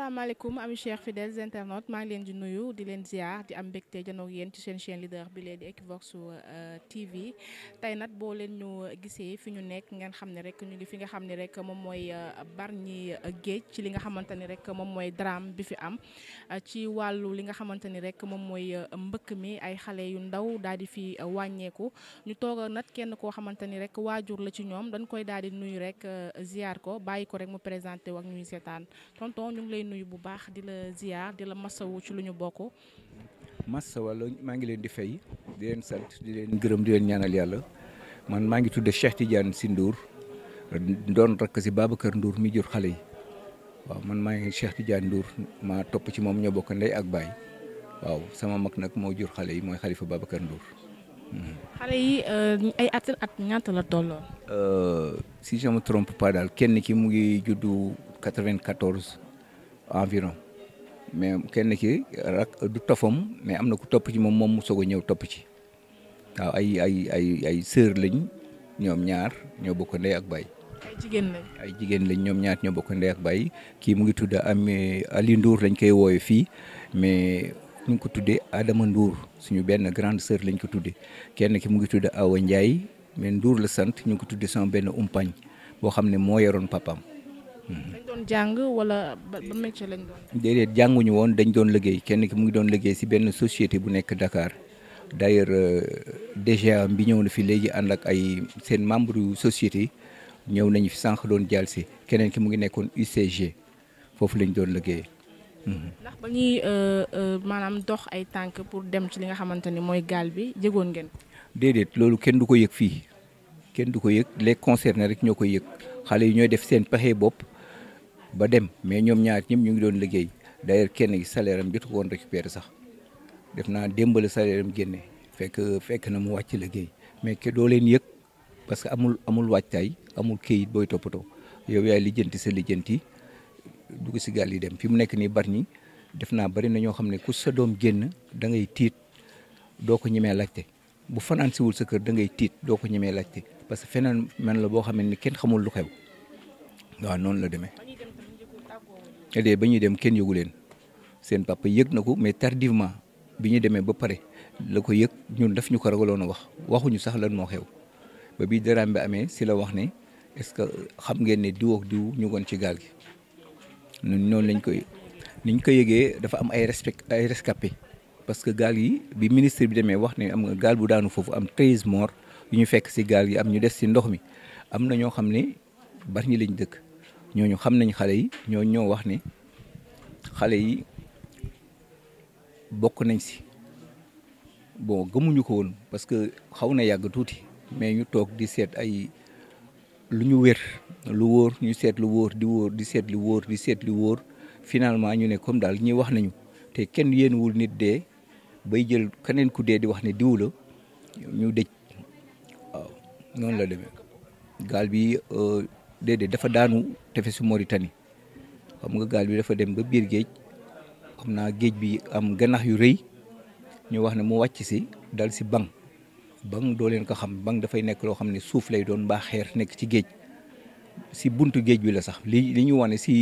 asalaamaaleykum ami chers fidèles internautes maa ngi leen di nuyu di leen ziar di am mbégte janoog yéen ci seen chaîne leader bi leen di Equivox euh, TV tey nag boo leen ñu gisee fi ñu nekk ngeen xam ne rek ñu fi nga xam ne rek moom mooy ñi euh, euh, Géej ci li nga xamante ni rek moom mooy drame bi fi am ci wàllu li nga xamante ni rek moom mooy mbëkk mi ay xale yu ndaw daal di fi wàññeeku ñu tooga nag kenn koo xamante ni rek waajur la ci ñoom dañ koy daal di nuyu rek ziar ko bàyyi ko rek mu présenté wak ñuy seetaan tonton ñu ngi lay nuyu bu baax di la ziar di la masawu ci lu ñu bokk. masawa la maa ngi leen di fay di leen sant di leen gërëm di leen ñaanal yàlla man maa ngi tudde Cheikh Tidiane si Ndour doon rakk si Babacar Ndour mi jur xale yi man maa ngi Cheikh Tidiane Ndour maa topp ci moom ñoo bokk ndey ak baay waaw sama mag nag moo jur xale yi mooy xalifa Babacar Ndour. Hmm. xale yi euh, ay at at ñaata la tolloon. Euh, daal kenn ki mu ngi juddu 94. environ mais kenn ki rak du tofam mais am na ku topp ci moom moom mu soog a ñëw topp ci waaw ay ay ay ay sœur lañ ñoom ñaar ñoo bokk ndey ak baay. ay jigéen ay jigéen lañ ñoom ñaar ñoo bokk ndey kii mu ngi tudd am Ali Ndour lañ koy wooyee fii mais ñu ngi ko tuddee Adama Ndour suñu benn grande sœur lañ ko tuddee kenn ki mu ngi tudd Awa Ndiaye mais nduur la sant ñu ko tuddee sama benn umpañ boo xam ne moo yoroon papaam. dañ doon jàng wala ba métier lañ doon. jànguñu woon dañ doon liggéey kenn ki mu ngi doon liggéey si benn société bu nekk Dakar d'ailleurs euh, DGA bi ñëw na fi léegi ànd ak ay seen membre yu société ñëw nañu fi sànq doon jàll si keneen ki mu ngi nekkoon UCG foofu lañ doon liggéey. Mhm. ndax ba euh, euh, maanaam dox ay tànk pour dem ci li nga xamante ni mooy gaal bi jégoon ngeen. déedéet loolu kenn du ko yëg fii kenn du ko yëg les concernés rek ñoo koy yëg xale yi ñooy def seen pexe bopp. ba dem mais ñoom ñaar ñëpp ñu ngi doon liggéey d'ailleurs kenn gi salaire am jotu ko woon récupérer sax def naa démbale salaire am génne fekk fekk na mu wàcc liggéey mais ke doo leen yëg parce que amul amul wàccaay amul këyit booy toppatoo yow yaay lijjanti sa lijjanti dugg si gaal yi dem fi mu nekk nii bari ñi def naa bari na ñoo xam ne ku sa doom génn da ngay tiit doo ko ñemee laajte bu fanaan siwul sa kër da ngay tiit doo ko ñemee laajte parce que feneen man la boo xam ne ni kenn xamul lu xew waaw noonu la demee. léegi ba ñuy dem kenn yëgu leen seen papa yëg na ko mais tardivement bi ñu demee ba pare la ko yëg ñun daf ñu ko ragaloon a wax waxuñu sax lan moo xew ba bii daraam bi amee si la wax ne est-ce que xam ngeen ne diw ak diw ñu goon ci gaal gi ñun noonu lañ koy niñ ko yëgee dafa am ay respect ay rescapé parce que gaal yi bi ministre bi demee wax ne am nga gaal bu daanu foofu am treize morts yu ñu fekk si gaal yi am ñu des si ndox mi am na ñoo xam ne bari ñu lañ dëkk. ñooñu xam nañ xale yi ñoo ñoo wax ni xale yi bokk nañ si bon gëmuñu ko woon parce que xaw na yàgg tuuti mais ñu toog di seet ay lu ñu wér lu wóor ñu seet lu wóor di wóor di seet lu wóor di seet lu wóor finalement ñu ne comme daal ñi wax nañu te kenn yéenuwul nit dee bay jël keneen ku dee di wax ne diw ñu dëj waaw noonu la demee gaal bi euh, déedéet dafa daanu tefesu Mauritanie xam nga gaal bi dafa dem ba biir géej xam naa géej bi am ganax yu rëy ñu wax ne mu wàcc si dal si bang bang doo leen ko xam bang dafay nekk loo xam ne suuf lay doon mbaa xeer nekk ci géej si bunt géej bi la sax li li ñu wane si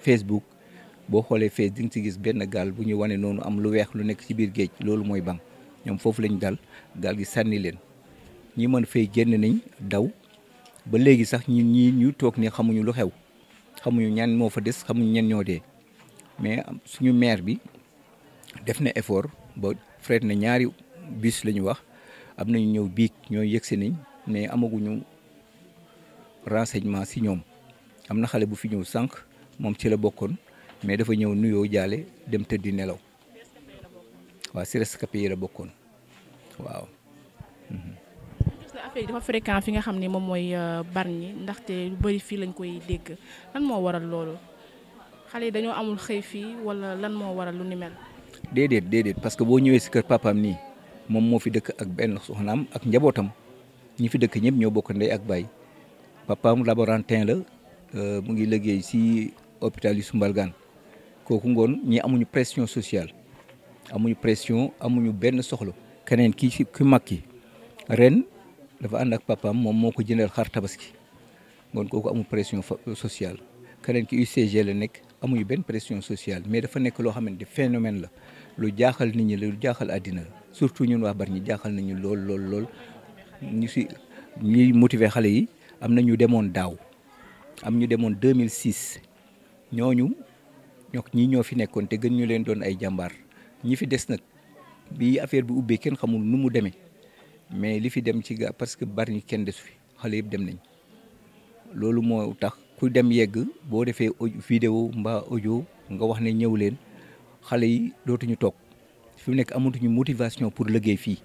Facebook boo xoolee fees di nga si gis benn gaal bu ñu wane noonu am lu weex lu nekk ci biir géej loolu mooy bang ñoom foofu lañ dal gaal gi sànni leen ñi mën fay génn nañ daw ba léegi sax ñun ñi ñu toog ni xamuñu lu xew xamuñu ñan moo fa des xamuñu ñan ñoo dee mais suñu maire bi def na effort ba fret na ñaari bus la ñu wax am nañu ñëw biig ñoo yegsi nañ mais amaguñu renseignement si ñoom am na xale bu fi ñëw sànq moom ci la bokkoon mais dafa ñëw nuyoo jaale dem tëddi nelaw waaw si rescapé yi la bokkoon waaw mhm. napp yi dafa fréquent fi nga xam ne moom mooy euh, Bargny ndaxte lu bëri fii lañ koy dégg lan moo waral loolu xale yi dañoo amul xëy fii wala lan moo waral lu ni mel. déedéet déedéet parce que boo ñëwee si kër papaam nii moom moo fi dëkk ak benn soxnaam ak njabootam ñi fi dëkk ñëpp ñoo bokk ndey ak baay papaam laborantin la euh, mu ngi liggéey si hôpital Youssou Mbalgane kooku ngoon ñi amuñu pression sociale amuñu pression amuñu benn soxla. keneen kii ci ki mag ki ren dafa ànd ak papaam moom moo ko jëndal xar tabaski ngoon kooku amul pression euh, sociale keneen ki UCG la nekk amuñu benn pression sociale mais dafa nekk loo xamante ni phénomène la lu jaaxal nit ñi lu jaaxal àddina la surtout ñun waa ñi jaaxal nañu lool lool lool ñu si ñuy motiver xale yi am na ñu demoon daaw am ñu demoon 2006 ñooñu ñoo ñii ñoo fi nekkoon te gën ñu leen doon ay jàmbaar ñi fi des nag bi affaire bi ubbee kenn xamul nu mu demee. mais li fi dem ci ga parce que bari ñu kenn desu fi xale yëpp dem nañ loolu moo tax ku dem yegg boo defee vidéo mbaa ojo nga wax ne ñëw leen xale yi dootuñu toog fu mu nekk amatuñu motivation pour liggéey fii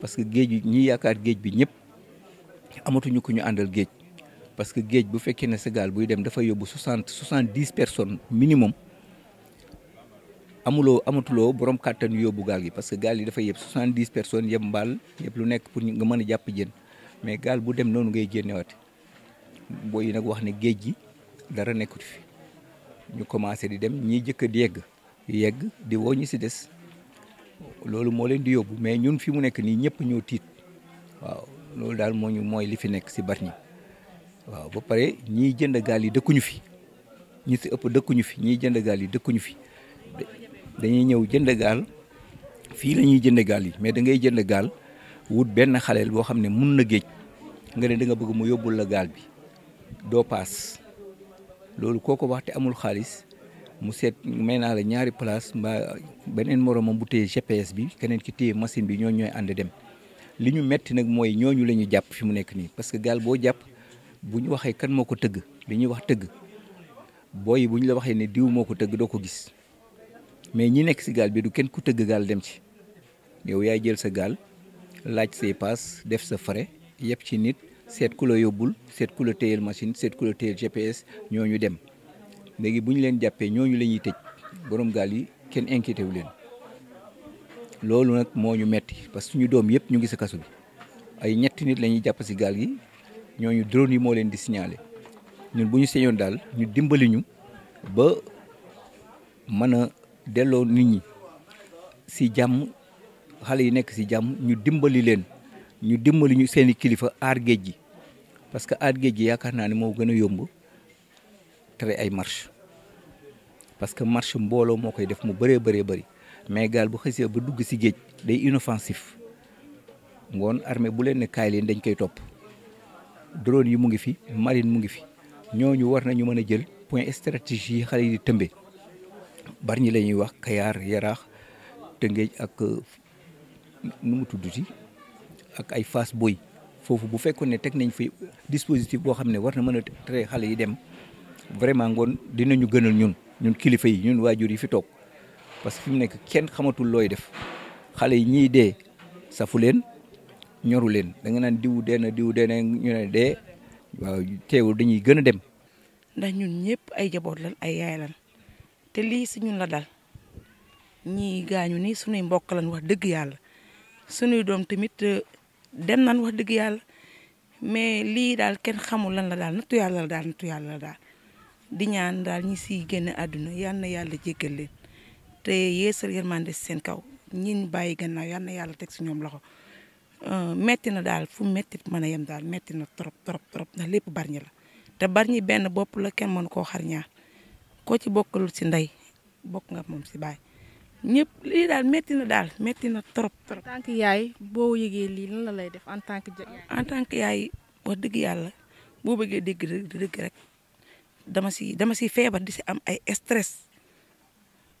parce que géej gi ñi yaakaar géej bi ñëpp amatuñu ku ñu àndal géej parce que géej bu fekkee ne sa gaal buy dem dafa yóbbu soixante soixante dix personnes minimum. amuloo amatuloo borom kàttan yu yóbbu gaal gi parce que gaal yi dafay yëpp soixante-dix personnes yëpp mbaal yëpp lu nekk pour nga mën a jàpp jën mais gaal bu dem noonu ngay génnewaat boo yi nag wax ne géej gi dara nekkut fi ñu commencé di dem ñiy jëkk di yegg yegg di woo ñu si des loolu moo leen di yóbbu mais ñun fi mu nekk nii ñëpp ñoo tiit waaw loolu daal moo ñu mooy li fi nekk si Bargny waaw ba pare ñiy jënd gaal yi dëkkuñu fi ñi si ëpp dëkkuñu fi ñiy jënd gaal yi dëkkuñu fi dañuy ñëw jënd gaal fii la ñuy jënd gaal yi mais da ngay jënd gaal wut benn xaleel boo xam ne mun na géej nga ne da nga bëgg mu yóbbul la gaal bi doo paas loolu koo ko wax amul xaalis mu seet may naa la ñaari place mbaa beneen moromam bu téye GPS bi keneen ki téye machine bi ñooñu ñooy ànd dem li ñu metti nag mooy ñooñu la ñu jàpp fi mu nekk nii parce que gaal boo jàpp bu ñu waxee kan moo ko tëgg li ñuy wax tëgg booy bu ñu la waxee ne diw moo ko tëgg doo ko gis. mais ñi nekk si gaal bi du kenn ku tëgg gaal dem ci yow yaay jël sa gaal laaj say paas def sa fare yëpp ci nit seet ku la yóbbul seet ku la téyel machine seet ku la téyel GPS ñooñu dem léegi bu ñu leen jàppee ñooñu la ñuy tëj borom gaal yi kenn inquiété wu leen loolu nag moo ñu metti parce que suñu doom yëpp ñu ngi sa kaso bi ay ñetti nit la ñuy jàpp si gaal gi ñooñu drone yi moo leen di signalé ñun bu ñu señoon daal ñu dimbali ñu ba mën a delloo nit ñi si jàmm xale yi nekk si jàmm ñu dimbali leen ñu dimbali ñu seeni kilifa aar géej gi parce que aar géej gi yaakaar naa ne moo gën a yomb tere ay marche parce que marche mbooloo moo koy def mu bëree bëree bëri mais gaal bu xësee ba dugg si géej day inoffensif ngoon armée bu leen ne kaay leen dañ koy topp drone yi mu ngi fi marine mu ngi fi ñooñu war nañu mën a jël point stratégie yi xale yi di tëmbe bari ñi la ñuy wax Kayaar Yaraax Tëngéej ak nu mu tudduti ak ay fas Boy foofu bu fekkoon ne teg nañ fi dispositif boo xam ne war na mën a tere xale yi dem vraiment ngoon dinañu gënal ñun ñun kilifa yi ñun waajur yi fi toog parce que fi mu nekk kenn xamatul looy def xale yi ñiy dee safu leen ñoru leen danga naan diw dee diw dee na ñu waaw teewul dañuy gën a dem. ndax ñun ñëpp ay jaboot lan ay yaay lan te lii si ñun la dal ñii gaañu nii suñuy mbokk lañ wax dëgg yàlla suñuy doom tamit euh, dem nañ wax dëgg yàlla mais lii daal kenn xamul lan la daal nattu yàlla daal nattu yàlla la daal di ñaan daal ñi siy génn àdduna yal na yàlla jéggal leen te yeesal yërmande si seen kaw ñin bàyyi gannaaw yal na yàlla teg si ñoom loxo euh, metti na daal fu metti mën a yem daal metti na trop trop trop ndax lépp barñi la te barñi benn bopp la kenn mënu koo xar ñaar koo ci bokkul si ndey bokk nga moom si baay ñëpp lii daal métti na daal métti na trop trop. en yaay boo yëgee lii la la lay def en tant que. en tant yaay wax dëgg yàlla boo bëggee dégg dëgg rek dama si dama si feebar di si am ay stress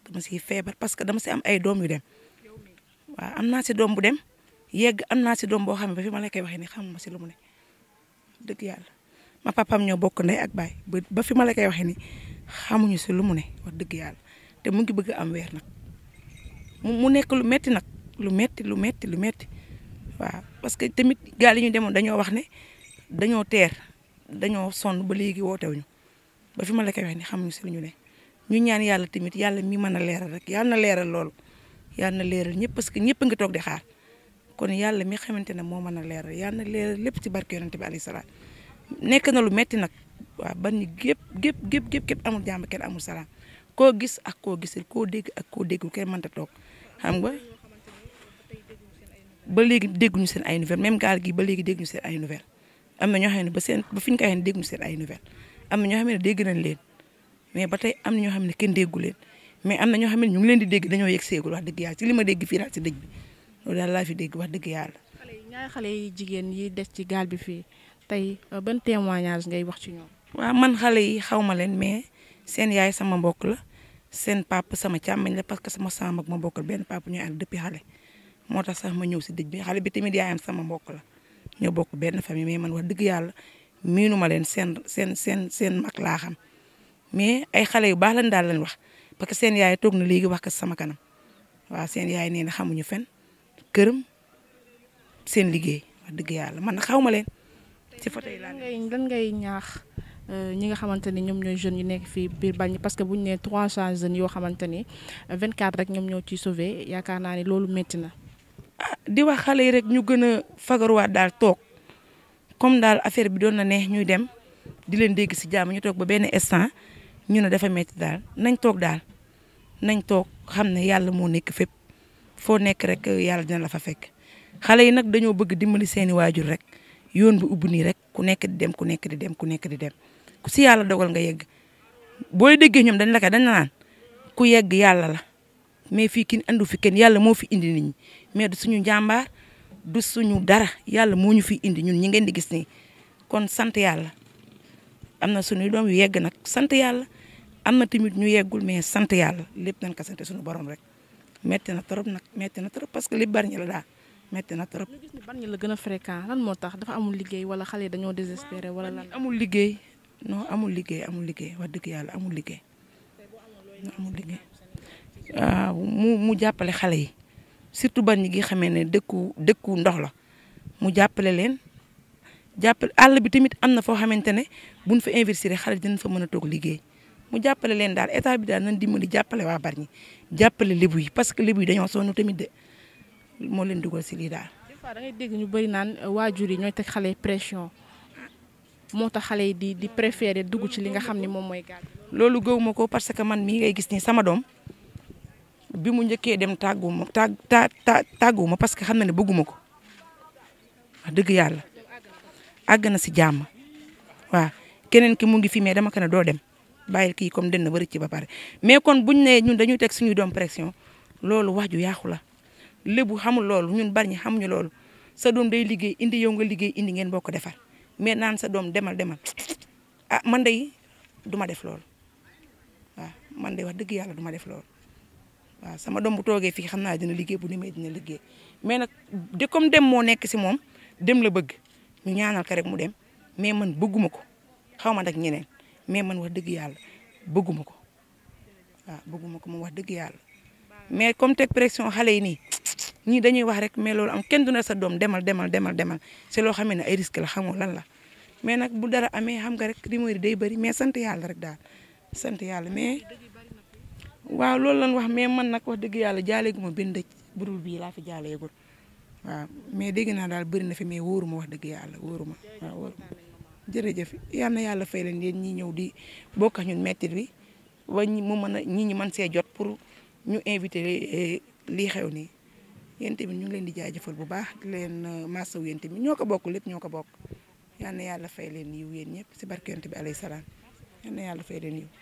dama si feebar parce que dama si am ay doom yu dem waaw am naa si doom bu dem yegg am naa si doom boo xam ne ba fi ma la koy waxee ni ma si lu mu ne dëgg yàlla ma papam ñoo bokk ndey ak baay ba fi ma la koy waxee ni xamuñu si lu mu ne wax dëgg yàlla te mu ngi bëgg am weer nag mu nekk lu metti nag lu metti lu metti lu metti waaw parce que tamit gaal yi ñu demoon dañoo wax ne dañoo teer dañoo sonn ba léegi wootewuñu ba fi ma la koy ni xamuñu si lu ñu ne ñu ñaan yàlla tamit yàlla mii mën a leeral rek yàlla na leeral loolu yàlla na leeral ñëpp parce que ñëpp a ngi toog di xaar kon yàlla mii xamante ne moo mën a leeral yàlla na leeral lépp ci barke yonent bi alayhi salaam nekk na lu metti nag waaw ban ñi gépp gépp gépp gépp gépp amul jàmm kenn amul salaam koo gis ak koo gisul koo dégg ak koo déggul kenn mënta toog xam nga ba léegi dégguñu seen ay nouvelle même gaal gi ba léegi dégguñu seen ay nouvelle am na ñoo xam ne ba seen ba fi ñu koy waxee dégguñu seen ay nouvelle am na ñoo xam ne dégg nañ leen mais ba tey am na ñoo xam ne kenn déggu leen mais am na ñoo xam ne ñu ngi leen di dégg dañoo yegg seegul wax dëgg yàlla ci li ma dégg fii daal ci dëj bi loolu daal laa fi dégg wax dëgg yàlla. xale yi xale yi jigéen yi des ci gaal bi fii tey ban témoignage ngay wax ci ñoom. waaw man xale yi xaw ma leen mais seen yaay sama mbokk la seen pap sama càmmañ la parce que sama saam ak ma bokkal benn pap ñooy ànd depuis xale moo tax sax ma ñëw si dëj bi xale bi tamit yaayam sama mbokk la ñoo bokk benn famille mais man wax dëgg yàlla miinu ma leen seen seen seen seen mag laa xam mais ay xale yu baax lañ daal lañ wax parce que seen yaay toog na léegi wax ko sama kanam waaw seen yaay neen xamuñu fen këram seen liggéey wax dëgg yàlla man xaw ma leen. Euh, ñi nga xamante ni ñoom ñooy jeunes yu nekk fii biir bañ parce que bu ñu nee trois cent jeunes yoo xamante ni vingt quatre rek ñoom ñoo ciy sauvé yaakaar naa ne loolu métti na. ah di wax xale yi rek ñu gën a fagaruwaat daal toog comme daal affaire bi doon na neex ñuy dem di leen dégg si jàmm ñu toog ba benn instant ñu ne dafa métti daal nañ toog daal nañ toog xam ne yàlla moo nekk fépp foo nekk rek yàlla dina la fa fekk xale yi nag dañoo bëgg dimbali seeni waajur rek yoon bi ubbi nii rek ku nekk dem ku nekk di dem ku nekk di dem. si yàlla dogal nga yegg booy déggee ñoom dañ la dañ naan ku yegg yàlla la mais fii kin andu fi kenn yàlla moo fi indi nit ñi mais du suñu jàmbaar du suñu dara yàlla moo ñu fi indi ñun ñi ngeen di gis nii kon sant yàlla am na suñuy doom yu yegg nag sant yàlla am na tamit ñu yeggul mais sant yàlla lépp nañ ko sant suñu borom rek metti na trop nag metti na trop parce que li bari ñu la daal metti na trop. ñu gis la gën a fréquent lan moo tax dafa amul liggéey wala xale dañoo désespéré wala lan. amul liggéey non amul liggéey amul liggéey wax dëgg yàlla amul liggéey amul ah, mu mu jàppale xale yi surtout ban ñi gi xamee ne dëkku dëkku ndox la mu jàppale leen jàppale àll bi tamit am na foo xamante ne buñ fa investir xale dinañ fa mën a toog liggéey mu jàppale leen daal état bi daal nañ dimbali jàppale waa Bargny jàppale lébu yi parce que lébu yi dañoo sonn tamit de moo leen dugal si lii daal. des fois da ñu bëri naan waajur yi ñooy teg xale pression. moo tax xale yi di di préféré dugg ci li nga xam ni moom mooy gaal. loolu gëw ko parce que man mii ngay gis ni sama doom bi mu njëkkee dem tàggu ma tàgg tàggu ma parce que xam na ne bëgguma ko wax dëgg yàlla àgg na si jàmm waaw keneen ki mu ngi fi mais dama ko ne doo dem bàyyi kii comme dina bari ci ba pare mais kon buñ ne ñun dañuy teg suñuy doom pression loolu wax ju yaaxu la lébu xamul loolu ñun bari ñi xamuñu loolu sa doom day liggéey indi yow nga liggéey indi boo ko defar. mais naan sa doom demal demal ah man dey duma def loolu waaw man dey wax dëgg yàlla duma def loolu waaw sama doom bu toogee fii xam naa dina liggéey bu demee dina liggéey mais nag de comme dem moo nekk si moom dem la bëgg ñu ñaanal ko rek mu dem mais man bëgguma ko xaw ma nag ñeneen mais man wax dëgg yàlla bëgguma ko waaw bëgguma ko moom wax dëgg yàlla mais comme teg xale yi nii. ñii dañuy wax rek mais loolu am kenn du na sa doom demal demal demal demal c'est loo xam ne ay risque la xamoo lan la mais nag bu dara amee xam nga rek rumeur day bëri mais sant yàlla rek daal sant yàlla mais waaw loolu lan wax mais man nag wax dëgg yàlla jaaleegu ma benn dëj budul bii laa fi jaaleegul waaw mais dégg naa daal bëri na fi mais wóoru ma wax dëgg yàlla wóoru ma waaw wóoru ma jërëjëf yal na yàlla fay leen yéen ñi ñëw di bokk ñun mettit bi ba ñi mu mën a ñi ñi mën see jot pour ñu invité eh, lii xew nii yéen tamit ñu ngi leen di jaajëfal bu baax di leen euh, maasaw yéen tamit ñoo ko bokk lépp ñoo ko bokk yal na yàlla fay leen yiw yéen ñëpp si barke yonent bi alayhi salaam yal na yàlla fay leen yiw